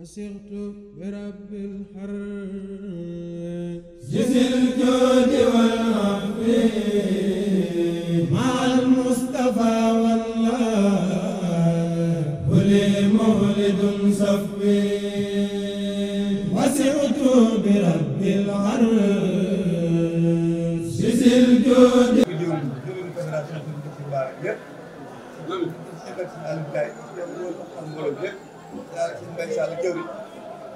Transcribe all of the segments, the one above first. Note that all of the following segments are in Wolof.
وسرت برب الحر جزي الجود والعفو مع المصطفى والله ولي مولد صفي وسرت برب الحر جزي الجود الفدرالية Mbaye Sall jëwriñ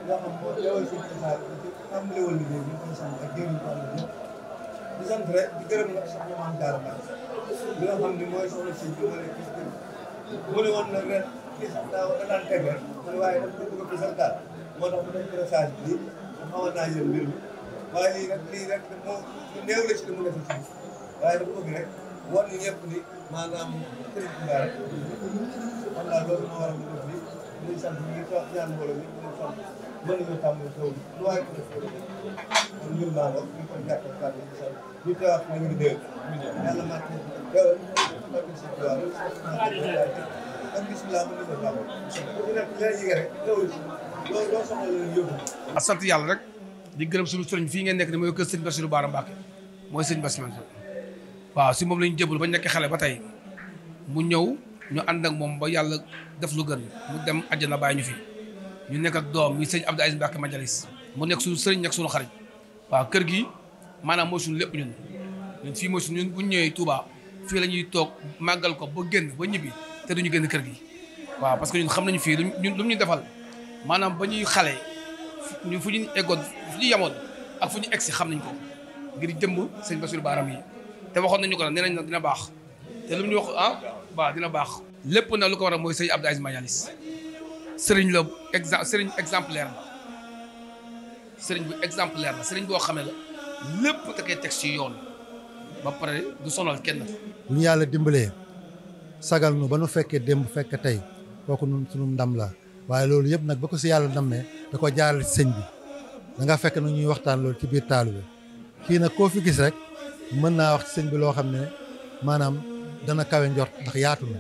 yoo xam boo teewal suñu tasaare bi am léwal liggéey bi ñu koy sant ak jëwriñ ko àll yëpp di sant rek di gërëm nag soxna maam Diarra Mbaye bi nga xam ne mooy soxna si bi ma ne gis gën mu ne woon nag ren li sax daaw da daan teg rek mu ne waaye daf ko bëgg a présental moo tax mu def dressage bi da xawoon naa yéen mbir mi waaye lii nag lii rek moo néew la ci li mu def ci waaye dafa bëgg rek wan ñëpp ni maanaam sëriñ bi rek xam naa loolu moo war a di sant ñi ñaan mbooloo a sant yàlla rek di gërëm suñu sëriñ fii ngeen nekk ne mooy kër sëñ Bassirou Bara Mbacké mooy sëñ Bass waaw si moom lañu jébul bañ nekk xale ba tey mu ñëw ñu ànd ak moom ba yàlla def lu gën mu dem àjjana bàyyi ñu fi ñu nekk ak doom yi sëñ Abdou Aziz Mbacke Majalis mu nekk suñu sëriñ nekk suñu xarit waaw kër gi maanaam mooy suñu lépp ñun ñun fii mooy suñu ñun bu ñu ñëwee Touba fii la ñuy toog màggal ko ba génn ba ñibbi te duñu génn kër gi waaw parce que ñun xam nañu fii ñun lu ñu defal maanaam ba ñuy xale ñu fu ñu eggoon fu ñu yemoon ak fu ñu egg si xam nañ ko ngir jëmb sëñ Bassirou Baram yi te waxoon nañu ko nag nee nañ dina baax waaw dina baax lépp na lu ko war a mooy sëñ Abdou Aziz Majalis sëriñ la exemple sëriñ exemplaire la sëriñ bu exemplaire la boo xamee la lépp da koy teg ci yoon ba pare du sonal kenn lu yàlla dimbalee sagal nu ba nu fekkee démb fekk tey kooku nun sunu ndam la waaye loolu yëpp nag ba ko si yàlla ndamee da ko jaarale sëñ bi da nga fekk na ñuy waxtaan loolu ci biir taalu bi kii nag koo fi gis rek mën naa wax ci sëñ bi loo xam ne maanaam dana kawe njort ndax yaatu na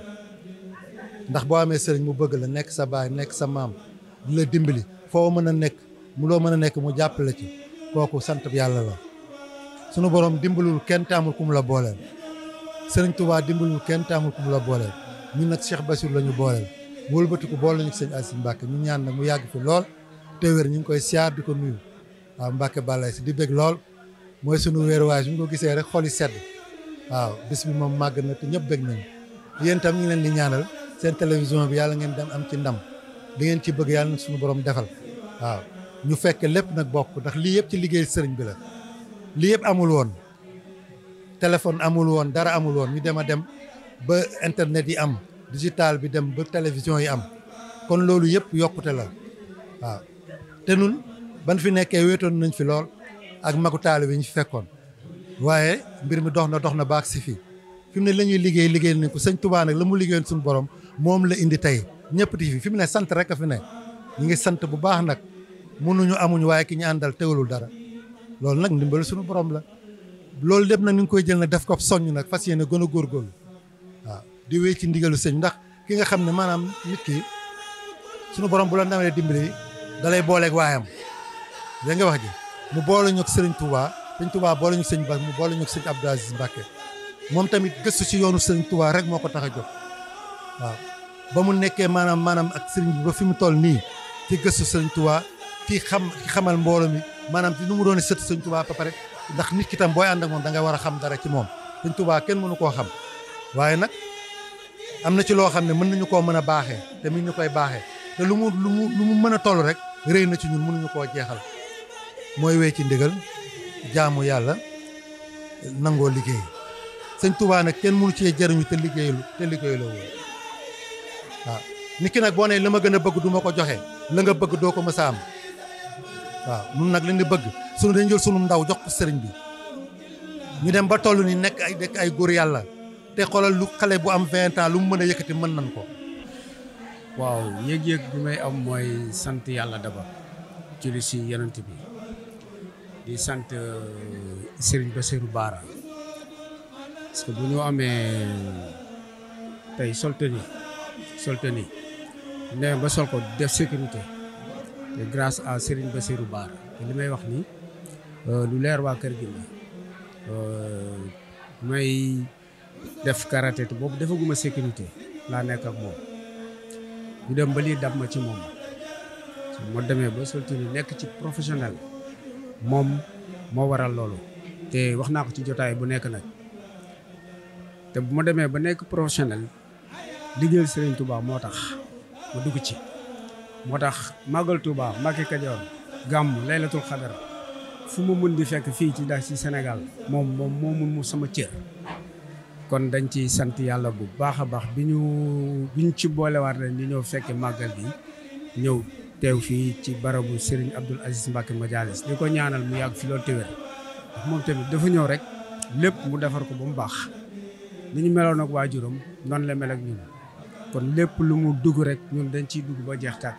ndax boo amee sëriñ mu bëgg la nekk sa baay nekk sa maam di la dimbali foo mën a nekk mu loo mën a nekk mu jàppale ci kooku sant yàlla la sunu borom dimbalul kenn taamul ku mu la booleel sëriñ Touba dimbalul kenn taamul ku mu la booleel ñun nag Cheikh Bassirou la ñu booleel mu wëlbatiku boole ñu sëñ Aziz Mbacke ñu ñaan nag mu yàgg fi lool te wér ñu ngi koy siyaar di ko nuyu waaw Mbacke Balaye si di bég lool mooy sunu wéeruwaay su ñu ko gisee rek xol yi sedd waaw bis bi moom màgg na te ñëpp bëgg nañu yéen tam ñu leen di ñaanal seen télévision bi yàlla ngeen dem am ci ndam li ngeen ci bëgg yàlla na suñu borom defal waaw ñu fekk lépp nag bokk ndax lii yëpp ci liggéey sëriñ bi la lii yëpp amul woon téléphone amul woon dara amul woon ñu dem a dem ba internet yi am digital bi dem ba télévision yi am kon loolu yëpp yokkute la waaw te nun ban fi nekkee wéetoon nañ fi lool ak magu taalibe ñu fi fekkoon waaye mbir mi dox na dox na baax si fii fi mu ne la ñuy liggéey liggéey nañ ko sëñ Touba nag la mu liggéeyoon suñu borom moom la indi tey ñëpp ti fi fi mu ne sant rek a fi ne ñu ngi sant bu baax nag mënuñu amuñu waaye ki ñu àndal teewalul dara loolu nag ndimbal suñu boroom la loolu lépp nag ni ngi koy jël nag def ko soññ nag fas yéene gën a góorgóorlu waaw di wéy ci ndigalu sëñ ndax ki nga xam ne maanaam nit ki suñu borom bu la ndamalee dimbali dalay lay waayam da nga wax ji mu boole ñu ak Serigne sëñ tubaa boole ñu sëñ Ba mu boole ñu sëñ Abdou Aziz Mbacke moom tamit gëstu ci yoonu sëñ Touba rek moo ko tax a jóg waaw ba mu nekkee maanaam maanaam ak sëriñ ba fi mu toll nii ci gëstu sëñ Touba fii xam xamal mbooloo mi maanaam ci nu mu doon sët sëñ tubaa ba pare ndax nit ki tam booy ànd ak moom da war a xam dara ci moom sëñ tubaa kenn mënu koo xam waaye nag am na ci loo xam ne mën nañu koo mën a baaxee te mi ñu koy baaxee te lu mu lu mu lu mu mën a toll rek rëy na ci ñun mënuñu koo jeexal mooy wéy ci ndigal jaamu yàlla nangoo liggéey sëñ Touba kenn mënu cee jëriñu te liggéeylu te liggéeyloo woon waaw nit ki nag boo nee la ma gën a bëgg duma ko joxe la nga bëgg doo ko ma a waaw nun nag lañu bëgg sunu dañ jël sunu ndaw jox sëriñ bi ñu dem ba toll ni nekk ay nekk ay góor yàlla te xoolal lu xale bu am vingt ans lu mu mën a yëkkati mën nañ ko waaw yëg-yëg bi may am mooy sant yàlla d'abord ci li si yonent bi di sant euh, Serigne Bassirou Bara parce que bu ñu amee tey soltani soltani ne ba sol ko def sécurité te grâce à Serigne Bassirou Bara te li may wax ni euh, lu leer waa kër gi la euh, may def karaté te boobu defaguma sécurité laa nekk ak moom bu dem ba lii dab ma ci moom moo demee ba soltani nekk ci professionnel moom moo waral loolu te wax naa ko ci jotaay bu nekk nag te bu ma demee ba nekk professionnel liggéeyal Sëriñ Touba moo tax ma dugg ci moo tax Màggal Touba Mbàkke Kajoor gàmm laylatul xadar fu ma mun di fekk fii ci dax ci Sénégal moom moom moo mun mu sama cër kon dañ ci sant yàlla bu baax a baax bi ñu bi ñu ci boolewaat leen di ñëw fekke màggal bi ñëw teew fii ci barabu Serigne Abdoul Aziz Mbacke Madialis di ko ñaanal mu yàgg fi loolu te moom tamit dafa ñëw rek lépp mu defar ko ba mu baax ni ñu meloon ak waajuram noonu la mel ak ñun kon lépp lu mu dugg rek ñun dañ ciy dugg ba jeex tàkk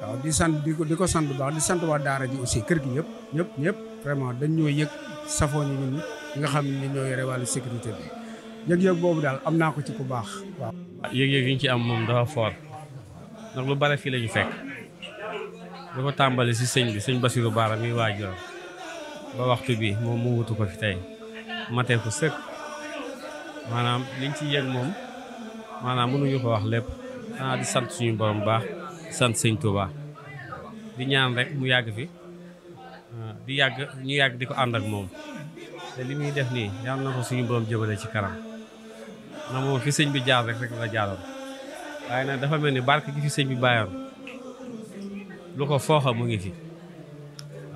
waaw di sant di ko sant bu baax di sant waa daara ji aussi kër gi yëpp ñëpp ñëpp vraiment dañ ñoo yëg safoo ñu ñun nga xam ni ñoo yore wàllu sécurité bi yëg-yëg boobu daal am naa ko ci ku baax waaw. yëg-yëg yi ñu ci am moom dafa fort. ndax lu bare fii lañu fekk lu ko tàmbali si sëñ bi sëñ Basiru Baara mi waajuram ba waxtu bi moom mu wutu ko fi tey matee ko sëkk maanaam liñ ci yëg moom maanaam mënuñu ko wax lépp xanaa di sant suñu borom baax di sant sëñ Tuubaa di ñaan rek mu yàgg fi ah, di yàgg ñu yàgg di ko ànd ak moom te li muy def nii yàlla na ko suñu borom jëmale ci kanam na moom fi sëñ bi jaar rek rek la jaaroon waaye nag dafa mel ni barke gi fi sëñ bi bàyyoon lu ko fooxa mu ngi fi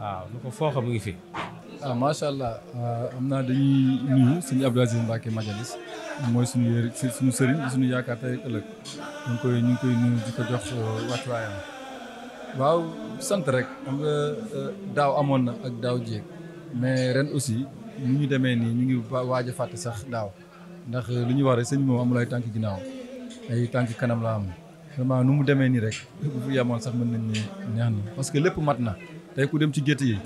waaw lu ko fooxa mu ngi fi ah macha allah ah, am naa dañuy nuyu suñu Abdou Aziz Mbacke Majalis mooy suñu yër suñu suñu yaakaar tey ëllëg ñu koy ñu ngi koy nuyu di ko jox ah, wàccuwaayam waaw sant rek xam nga ah, daaw amoon na ak daaw jéeg mais ren aussi ñu ñu demee nii ñu ngi waaj a fàtte sax daaw ndax lu ñuy war a sëñ moom amulay tànk ginnaaw ay tànk kanam la am vraiment nu mu demee nii rek bu fi yemoon sax mën nañ ne neex na parce que lépp mat na tey ku dem ci gétt yi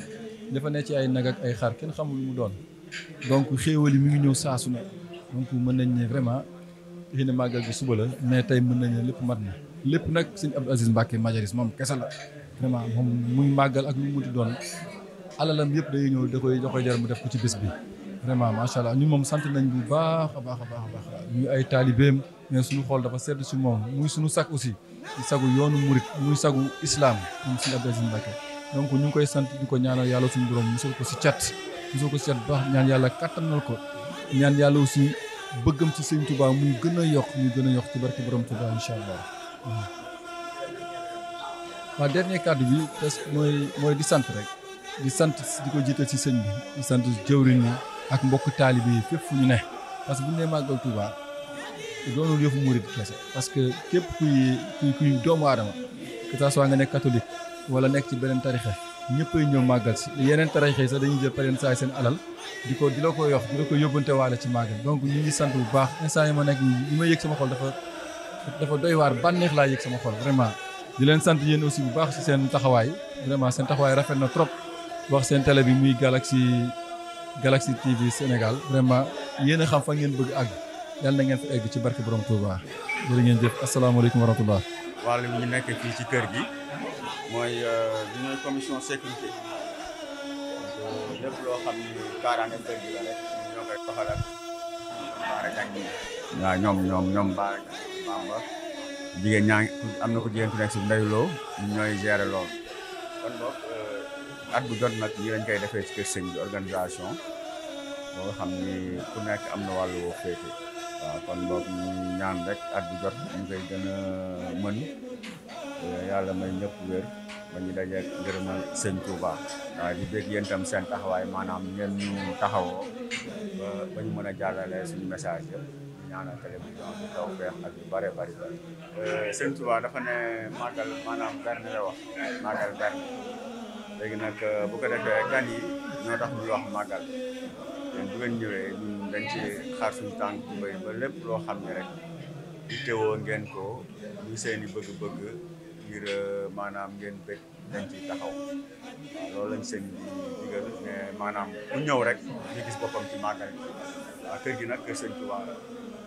dafa ne ci ay nag ak ay xar kenn xamul mu doon donc xéewal yi mi ngi ñëw saasu ne donc mën nañ ne vraiment xëy na màggal gi suba la mais tey mën nañ ne lépp mat na lépp nag sëñ Abdou Aziz Mbacke Majalis moom kese la vraiment moom muy màggal ak lu mu munti doon alalam yëpp day ñëw da koy da koy jar mu def ko ci bés bi vraiment macha allah ñun moom sant nañ bu baax a baax a baax baax ñu ay suñu xool dafa sedd si moom muy suñu sag aussi di yoonu murit muy sagu islam moom suñu Abdou Aziz Mbacké donc ñu ngi koy sant di ko ñaanal yàlla suñu borom musal ko si cat musal ko si cat ñaan yàlla kattanal ko ñaan yàlla aussi bëggam si sëñ Touba muy gën a yokk muy gën a yokk ci barke borom Touba incha allah waaw hmm. dernier kàddu bi mooy mooy di sant rek di sant di ko jiital si sëñ bi di sant jëwriñ ñi ak mbokk taalibe yi fépp fu ñu ne parce que bu ñu nee màggal Touba doonul yëfu murid kese parce que képp kuy kuy doomu aadama que ça soit nga nekk catholique wala nekk ci beneen tarixa ñëppay ñëw màggal si yeneen tarixa sax dañuy jël pareen saay seen alal di ko di la ko yox di la ko yóbbante waale ci màggal donc ñu ngi sant bu baax instant yi ma nekk ñi ma yëg sama xol dafa dafa doy waar bànneex laa yëg sama xol vraiment di leen sant yéen aussi bu baax si seen taxawaay vraiment seen taxawaay rafet na trop wax seen télé bi muy Galaxy Galaxy TV Sénégal vraiment yéen a xam fa ngeen bëgg àgg yàlla na ngeen fa egg ci barke borom Touba jërë ngeen jëf asalaamaaleykum wa rahmatullah waaw nekk fii ci kër gi mooy li euh, ñooy commission sécurité ñoom ñoom ñoom baara jàng bamba jigéen ñaa am na ko jigéen ku nekk si ndeyloo ñooy gérer loolu at bu jot nag ñi lañ koy defee ci kër sëñ bi organisation boo xam ni ku nekk am na wàllu woo féete waaw kon boobu ñu ñaan rek at bu jot ñu koy gën a mën yàlla may ñëpp wér ba ñu dajeeg ngërëmal sëñ Touba waaw di dégg seen taxawaay maanaam ngeen ñu taxawoo ba ba ñu mën a jàllale suñu message yëpp ñu ñaanal télévision bi taw feex ak yu bare bari bari euh, sëñ Touba dafa ne màggal maanaam berne la wax màggal berne léegi nag euh, bu ko defee gan yi ñoo tax ñu wax màggal leen bu ngeen ñëwee ñun dañ ci xaar suñu tànk mbéy ba lépp loo xam ne rek di teewoo ngeen ko ñu seeni i bëgg-bëgg ngir euh, maanaam ngeen bëgg dañ ci taxaw loolu lañ seen di maanaam bu ñëw rek ñu gis boppam ci màggal waa kër gi nag kër sëñ Tuubaa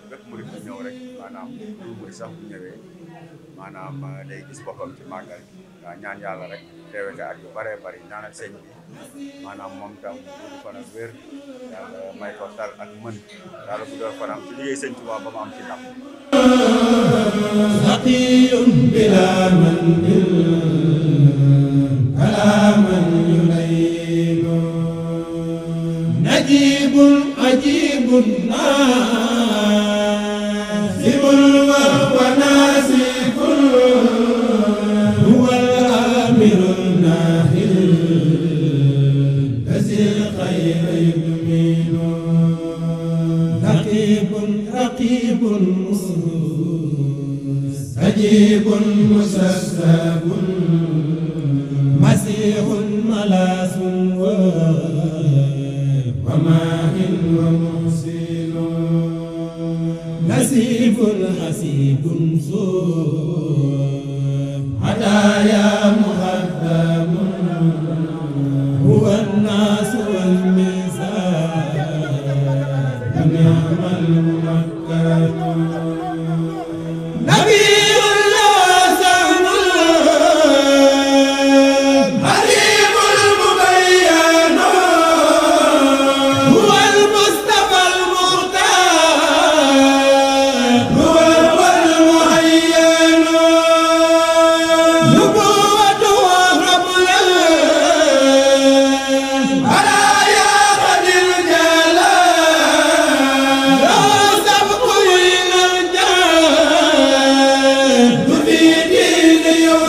bépp murit bu ñëw rek maanaam lu murit sax bu ñëwee maanaam euh, day gis boppam ci màggal nga ñaan yàlla rek teewe ko at yu bëree bëri ñaanal sëñ bi maanaam moom tam gudd fan ak wér yàlla may ko tal ak mën yàlla guddal fanam ci liggéey sëñ Tuubaa ba mu am ci ndam saqiyun bila man ala man yulayb najibun ajibun naa عجيب مسبب مسيح ملاس وماء ومحسن نسيب حسيب صور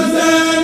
Hosanna.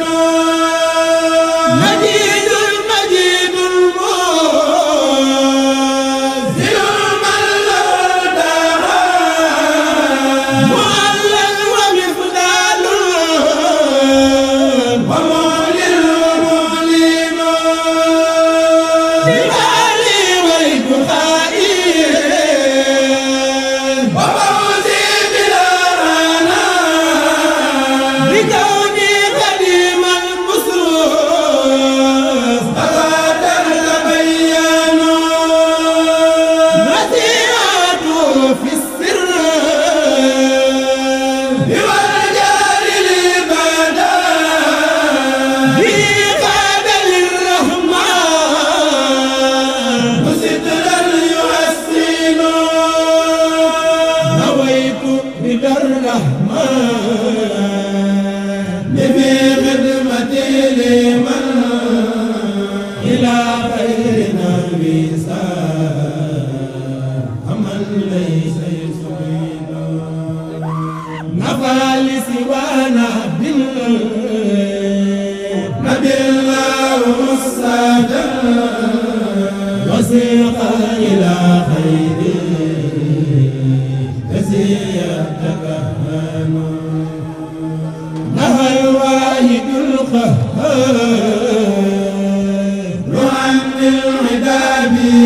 بين الوسال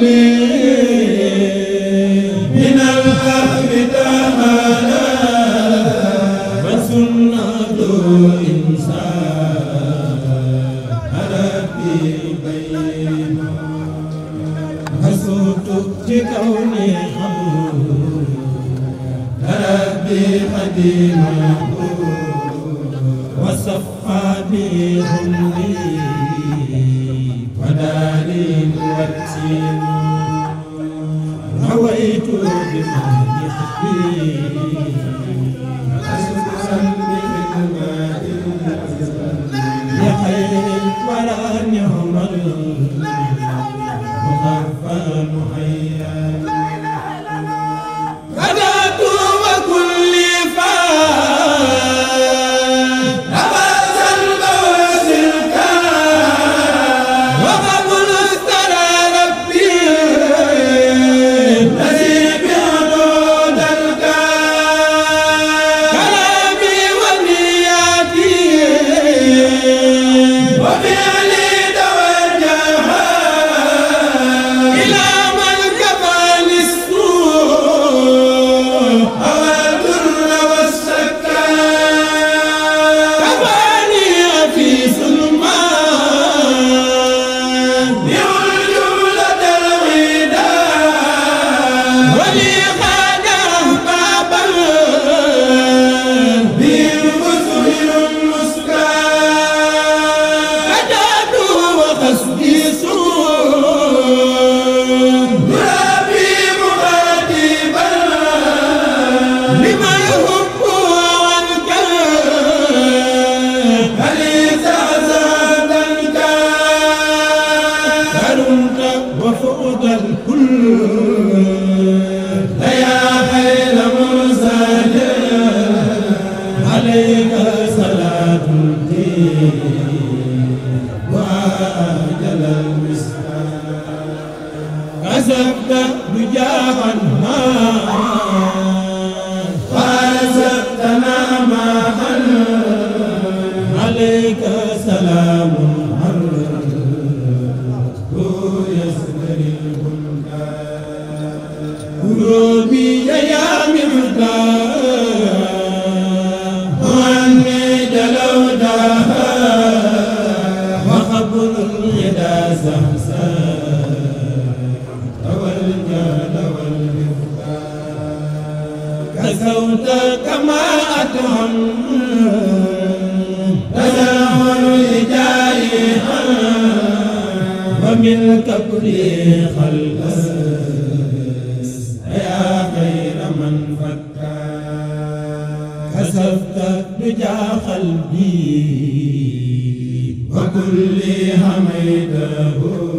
Me. You. أجل المسكين كسبت بجاه النار كسوت كما أتهم تزاول لجائها ومن كبر خلقس يا خير من فكا كسفت دجا قلبي كل حميده